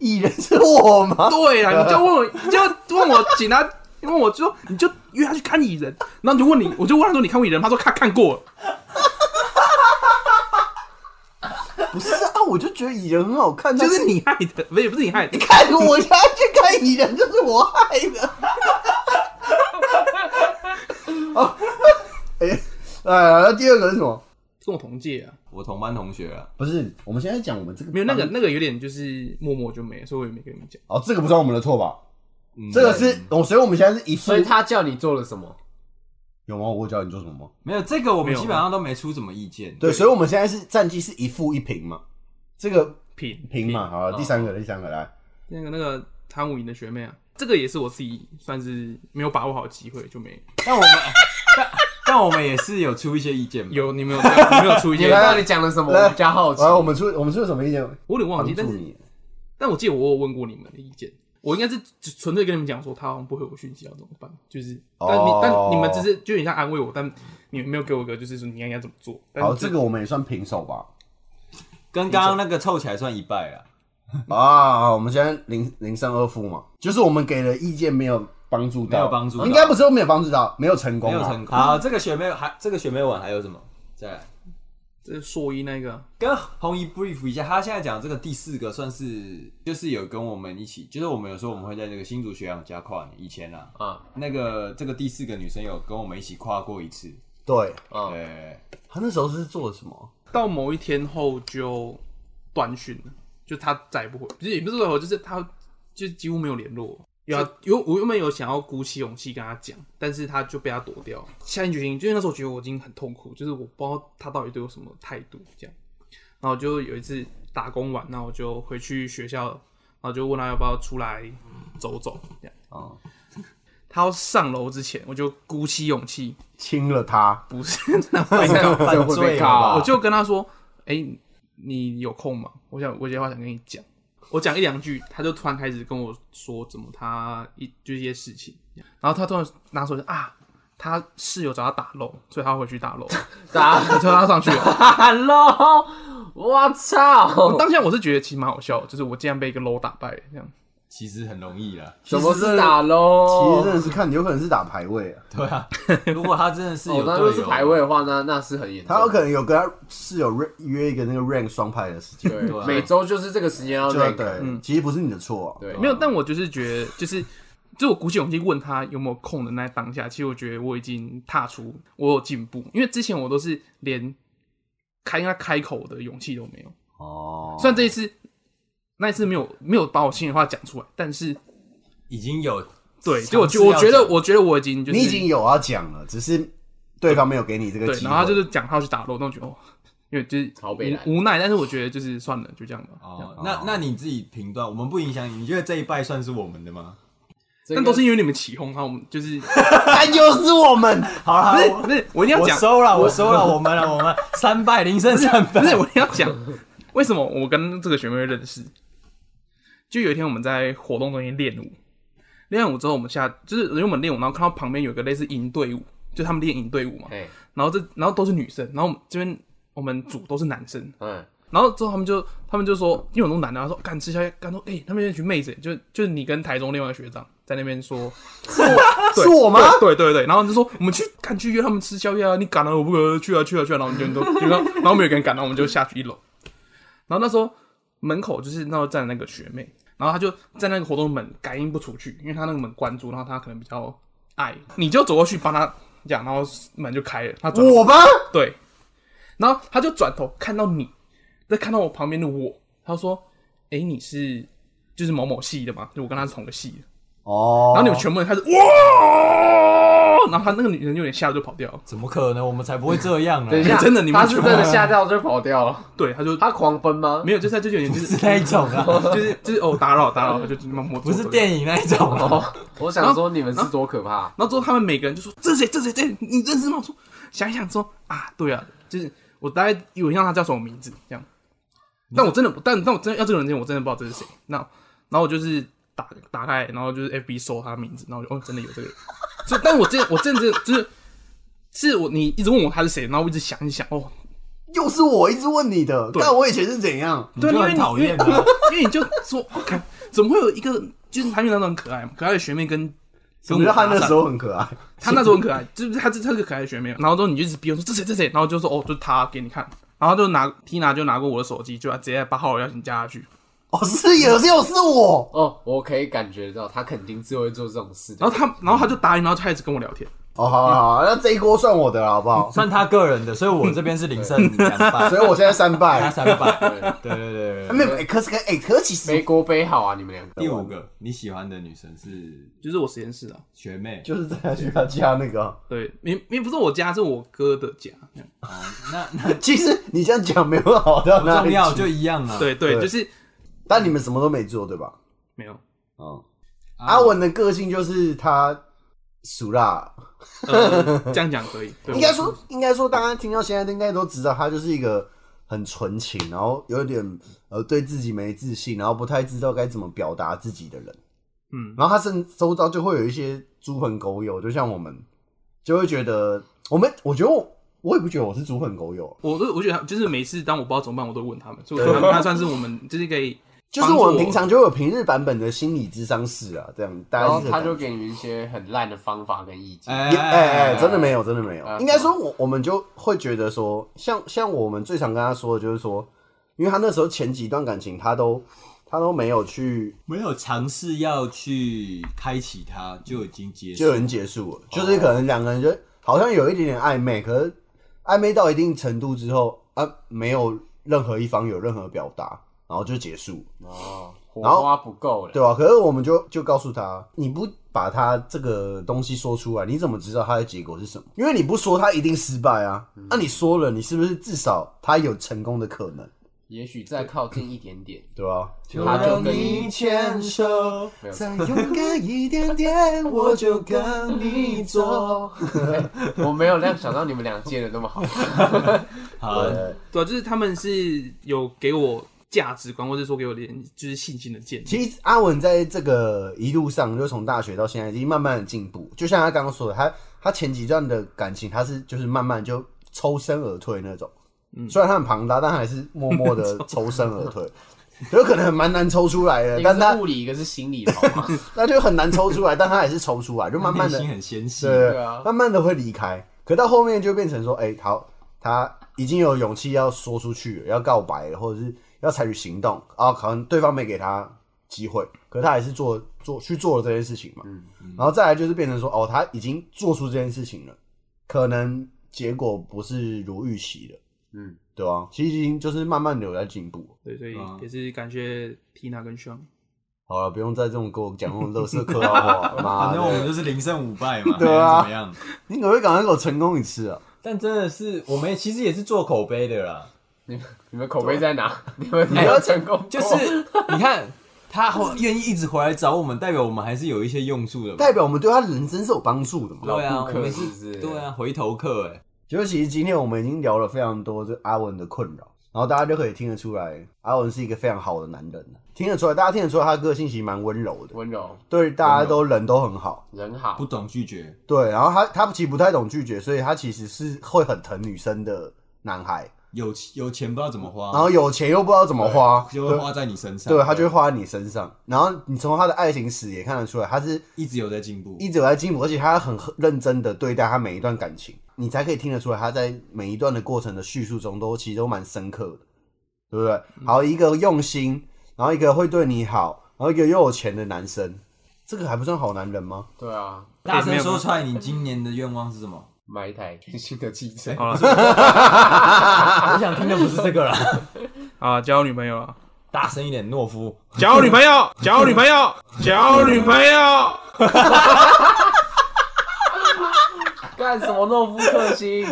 蟻人是我嗎？對啊，你就問我， 就問我，警察問我說，就說你就約他去看蟻人，然後就問你，我就問他說你看過蟻人，他說看，看過了。 不是啊，我就覺得蟻人很好看，就是你害的，也 不是你害的。你看過我約他去看蟻人，就是我害的。啊、 哦，哎，來啦，那第二個是什麼？跟我同屆啊，我同班同學啊，不是。我們現在講我們這個，沒有那個那個有點就是默默就沒，所以我也沒跟你們講。哦，這個不算我們的錯吧？嗯，這個是我、嗯，所以我們現在是一，所以他叫你做了什麼？有嗎？我叫你做什麼嗎？沒有，這個我們基本上都沒出什麼意見。啊、對，對，所以我們現在是戰績是一負一平嘛。這個平平嘛，平好第、哦，第三個，第三個來。那個那個湯姆穎的學妹啊，這個也是我自己算是沒有把握好機會就沒。那我們。 但我們也是有出一些意見。 有，你們有沒有，有出一些意見？ 你到你講了什麼比較好奇？ 然後我們出，我們出了什麼意見？我有點忘記。你但是，但我記得我有問過你們的意見。我應該是純粹跟你們講說，他好像不回我訊息，要怎麼辦？就是，哦、但你但你們只是就有點像安慰我，但你沒有給我個就是說你應該怎麼做。好，這個我們也算平手吧，手跟剛剛那個湊起來算一敗啊！ 啊，我們現在零零三二負嘛，就是我們給的意見沒有。幫助到沒有幫助到，應該不是沒有幫助到，沒有成功了，沒有成功。好，這個雪梅還這個雪梅婉還有什麼在？這是、個、碩一那個跟紅一 brief 一下，他現在講這個第四個算是就是有跟我們一起，就是我們有時候我們會在那個新竹學長家跨年，以前啊，啊、嗯、那個這個第四個女生有跟我們一起跨過一次對，對，嗯，他那時候是做了什麼？到某一天後就斷訊了，就他再也不回，不是也不是說我，就是他就幾乎沒有聯絡。有，啊、有，因為我原本有想要鼓起勇氣跟他講，但是他就被他躲掉。下定決心，就因、是、為那時候覺得我已經很痛苦，就是我不知道他到底對我什麼態度這樣。然後我就有一次打工完，那我就回去學校，然後就問他要不要出來走走這樣、嗯。他要上樓之前，我就鼓起勇氣親了他，不是那 就我就跟他說：“哎、欸，你有空嗎？我想我有些話想跟你講。”我講一兩句，他就突然開始跟我說怎麼他一就是，一些事情，然後他突然拿手機，啊，他室友找他打 low，所以他回去打 low，打，然 後他上去，low，我操！我當下我是覺得其實蠻好笑，就是我竟然被一個 low 打敗了，這樣。其實很容易啦。什麼是打嘍？其實真的是看，你有可能是打排位啊。對啊， 如果他真的是有，有、哦、那他就是排位的話，那那是很嚴重的。他有可能有跟他室友約一個那個 rank 雙排的時間，對，對啊、每周就是這個時間要 rank 對 n、嗯、其實不是你的錯、啊，對，沒有。但我就是覺得，就是就我鼓起勇氣問他有沒有空的那當下，其實我覺得我已經踏出，我有進步，因為之前我都是連開應該開口的勇氣都沒有哦。雖然這一次。那一次沒有沒有把我心裡話講出來，但是已經有對，就我我覺得我覺得我已經就是、你已經有要講了，只是對方沒有給你這個機會，對，然後就是講他要去打我，那就覺得因為就是好無奈，但是我覺得就是算了，就這樣吧、哦。哦，那那你自己評斷，我們不影響你。你覺得這一拜算是我們的嗎？那都是因為你們起鬨，我們就是又 是我們，好了，不是，我一定要講收了，我收了， 我們了，我 們三拜，零勝三分，不是，我一定要講 為什麼我跟這個學妹會認識。就有一天我們在活動中心練舞，練完舞之後我們下就是因為我們練舞，然後看到旁邊有一個類似營隊伍，就他們練營隊伍嘛，然後這然後都是女生，然後我們這邊我們組都是男生，然後之後他們就他們就說，因為有那種男的，他說敢吃宵夜，敢說哎，那、欸、邊有一群妹子，就就是你跟台中另外一個學長在那邊說、 哦，是我嗎？嗎？對對對，然後就說我們去敢去約他們吃宵夜啊，你敢了、啊、我不可去啊去啊去啊，然後我們就都 然後沒有一個人敢，然後我們就下去一樓，然後那時候。門口就是那站那個學妹，然後她就在那個活動門感應不出去，因為她那個門關住，然後她可能比較矮，你就走過去幫她講，然後門就開了，她說我嗎？對，然後她就轉頭看到你，再看到我旁邊的我，她說：“哎、欸，你是就是某某系的嘛？就我跟她是同個系的哦。Oh. ”然後你們全部人開始哇。然後他那個女人有點嚇就跑掉了。怎麼可能？我們才不會這樣呢、欸？ 欸、真的，你們他是真的嚇到就跑掉了。對，他就他狂奔嗎？沒有，就是這有點就是、是那一種啊， 就是就是哦，打擾打擾，就不是電影那一種哦。我想說你們是多可怕。然後之後他們每個人就說：“這是誰？這是誰？這你認識嗎？”我說：“想想說啊，對啊，就是我大概有印象他叫什麼名字這樣。”但我真的，但但我真的要這個人，我真的不知道這是誰。那然後我就是打打開，然後就是 FB 搜他名字，然後哦，真的有這個人。 但我這我這樣子就是，是我你一直問我他是誰，然後我一直想一想，哦，又是我一直問你的。但我以前是怎樣？對，你很啊、因為討厭因為你就說 看，怎麼會有一個就是韓雪那種可愛嘛、可愛的學妹跟，跟我覺得他那時候很可愛，他那時候很可愛， 就是他就這個可愛的學妹，然後之後你就一直逼我說 這誰這誰，然後就說哦，就是、他給你看，然後就拿 Tina 就拿過我的手機，就直接把好友邀請加下去。哦，室友我是我。哦，我可以感覺到他肯定只會做這種事情。然後他，然後他就答應，嗯、然後就一直跟我聊天。哦，好好、嗯、那這一鍋算我的了，好不好？算他個人的， 所以我這邊是零勝零三敗。 所以我現在三敗。他三敗。對對對，對、啊沒有對欸。可是跟，跟、欸、可是其實沒鍋背好啊，你們兩個。第五個，你喜歡的女生是？就是我實驗室的、啊、學妹，就是在學校家那個。對，明明不是我家，是我哥的家。 哦，那那 其實你這樣講沒有好的哪重要就一樣啊。對對，就是。但你們什麼都沒做，對吧？沒有。嗯、哦，uh, 阿文的個性就是他俗辣，呃、 這樣講可以。 應該說，應該說，大家聽到現在應該都知道，他就是一個很純情，然後有點呃，對自己沒自信，然後不太知道該怎麼表達自己的人。嗯，然後他甚至周遭就會有一些豬朋狗友，就像我們就會覺得，我們我覺得我我也不覺得我是豬朋狗友，我我覺得就是每次當我不知道怎麼辦，我都問他們，所以他們，對，他算是我們就是可以，就是我們平常就有平日版本的心理諮商室啊，這樣但是，然、哦、後他就給你一些很爛的方法跟意見。哎哎，真的沒有，真的沒有。嗯、應該說，我我們就會覺得說，像像我們最常跟他說的就是說，因為他那時候前幾段感情，他都他都沒有去，沒有嘗試要去開啟，他就已經結束，就有人結束了。就是可能兩個人就好像有一點點曖昧，可是曖昧到一定程度之後啊，沒有任何一方有任何表達。然後就結束哦，火花，然後不夠了，對吧？可是我們就就告訴他，你不把他這個東西說出來，你怎麼知道他的結果是什麼？因為你不說，他一定失敗啊。那、嗯啊、你說了，你是不是至少他有成功的可能？也許再靠近一點點，對，對吧？他就跟你，跟你牽手，再勇敢一點點，我就跟你走。 欸、我沒有料想到你們倆見的那麼好， 好、啊、對，對，對，對，就是他們是有給我。價值觀，或者說給我的，就是信心的建議。其實阿文在這個一路上，就從大學到現在，已經慢慢的進步。就像他剛剛說的，他他前幾段的感情，他是就是慢慢就抽身而退那種。嗯，雖然他很龐大，但他還是默默的抽身而退。 就可能蠻難抽出來的，一個是物理，一個是心理，好嗎？那 就很難抽出來，但他還是抽出來，就慢慢的 內心很纖細，對啊，慢慢的會離開。可到後面就變成說，哎、欸，好，他已經有勇氣要說出去了，要告白了，或者是。要採取行動啊、哦！可能對方沒給他機會，可是他還是做做去做了這件事情嘛。嗯，嗯然後再來就是變成說哦，他已經做出這件事情了，可能結果不是如預期的。嗯，對吧、啊，其實已經就是慢慢就在進步。對，所以、啊、也是感謝皮娜跟霜。好了，不用再這麼跟我講這種樂色客套話了，反正我們就是零勝五敗嘛。 對啊。怎麼樣？你可不可以感覺到成功一次啊？但真的是我們其實也是做口碑的啦。你們你們口碑在哪？你們你要成功，欸、就是你看 他願意一直回來找我們，代表我們還是有一些用處的，代表我們對他人生是有幫助的嘛？對啊，可是是，對啊，回頭客哎、欸。就其實今天我們已經聊了非常多這阿文的困擾，然後大家就可以聽得出來，阿文是一個非常好的男人，聽得出來，大家聽得出來，他個性其實蠻溫柔的，溫柔對大家都人都很好，人好不懂拒絕，對，然後他他其實不太懂拒絕，所以他其實是會很疼女生的男孩。有有錢不知道怎麼花，然後有錢又不知道怎麼花，就會花在你身上對。對，他就會花在你身上。然後你從他的愛情史也看得出來，他是一直有在進步，一直有在進步，而且他很認真的對待他每一段感情，你才可以聽得出來，他在每一段的過程的敘述中都其實都蠻深刻的，對不對？好，一個用心，然後一個會對你好，然後一個又有錢的男生，這個還不算好男人嗎？對啊，欸、大聲說出來，你今年的願望是什麼？欸 買一台全新的汽車。好了。我 想聽的不是這個了。啊，交女朋友了！大聲一點，懦夫！交女朋友，交女朋友，交女朋友！幹 什麼，懦夫克星？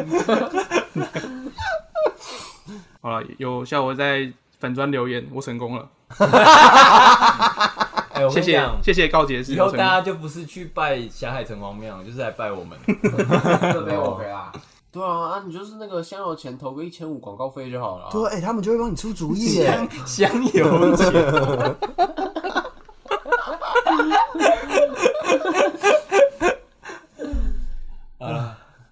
好了，有效我在粉專留言，我成功了。 謝、欸、謝，謝謝高潔。以後大家就不是去拜霞海城隍廟，就是來拜我們。這杯我陪啦。對啊，啊，你就是那個香油錢投個一千五廣告費就好了、啊。對、欸，他們就會幫你出主意、欸。香油錢。啊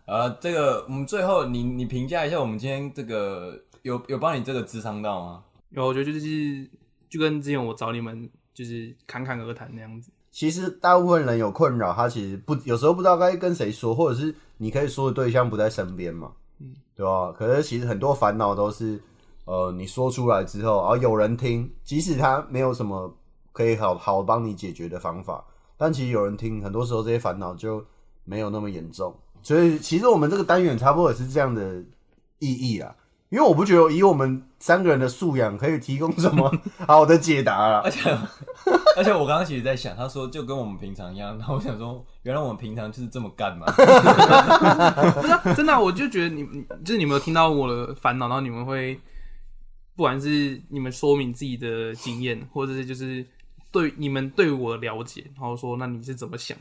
啊， 這個我們最後你你評價一下，我們今天這個有有幫你這個智商到嗎？有，我覺得就是、就是、就跟之前我找你們。就是侃侃而談那樣子。其實大部分人有困擾，他其實不有時候不知道該跟誰說，或者是你可以說的對象不在身邊嘛，嗯，對吧？可是其實很多煩惱都是，呃，你說出來之後啊，有人聽，即使他沒有什麼可以好好幫你解決的方法，但其實有人聽，很多時候這些煩惱就沒有那麼嚴重。所以其實我們這個單元差不多也是這樣的意義啊。因為我不覺得以我們三個人的素養可以提供什麼好的解答了， 而且而且我剛剛其實在想，他說就跟我們平常一樣，然後我想說，原來我們平常就是這麼幹嘛 不是啊，真的，真的，我就覺得你就是你們有，有聽到我的煩惱，然後你們會不管是你們說明自己的經驗，或者是就是對你們對我的了解，然後說那你是怎麼想？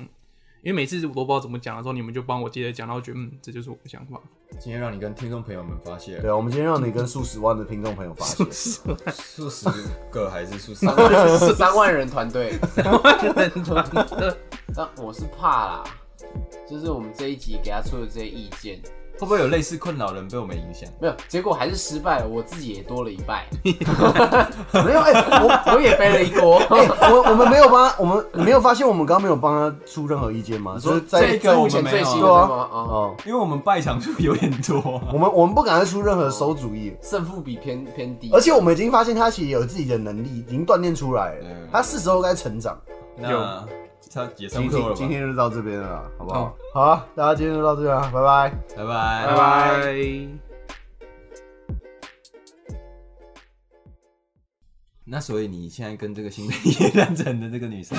因為每次我都不知道怎麼講的時候，你們就幫我接着講，然後覺得嗯，這就是我的想法。今天讓你跟聽眾朋友們發現，對啊，我們今天讓你跟數十萬的聽眾朋友發現，數 十,十個還是數十三萬人團隊， 三萬人團隊。 但我是怕啦，就是我們這一集給他出的這些意見。會不會有類似困擾人被我們影響？沒有，結果還是失敗了。我自己也多了一敗 沒有，哎、欸，我 我也背了一鍋。欸、 我們我們沒有幫他我們，你 沒有發現我們剛剛沒有幫他出任何意見嗎？說這個我們沒有。對啊，哦，因為我們敗場數有點多、啊哦，我們我們不敢再出任何餿主意、哦。勝負比偏偏低，而且我們已經發現他其實有自己的能力，已經鍛鍊出來了、嗯。他是時候該成長。嗯、有。呃今天今天就到這邊了，好不好？哦、好、啊，大家今天就到這邊了，拜拜，拜拜，拜拜。那所以你現在跟這個新的認識的這個女生？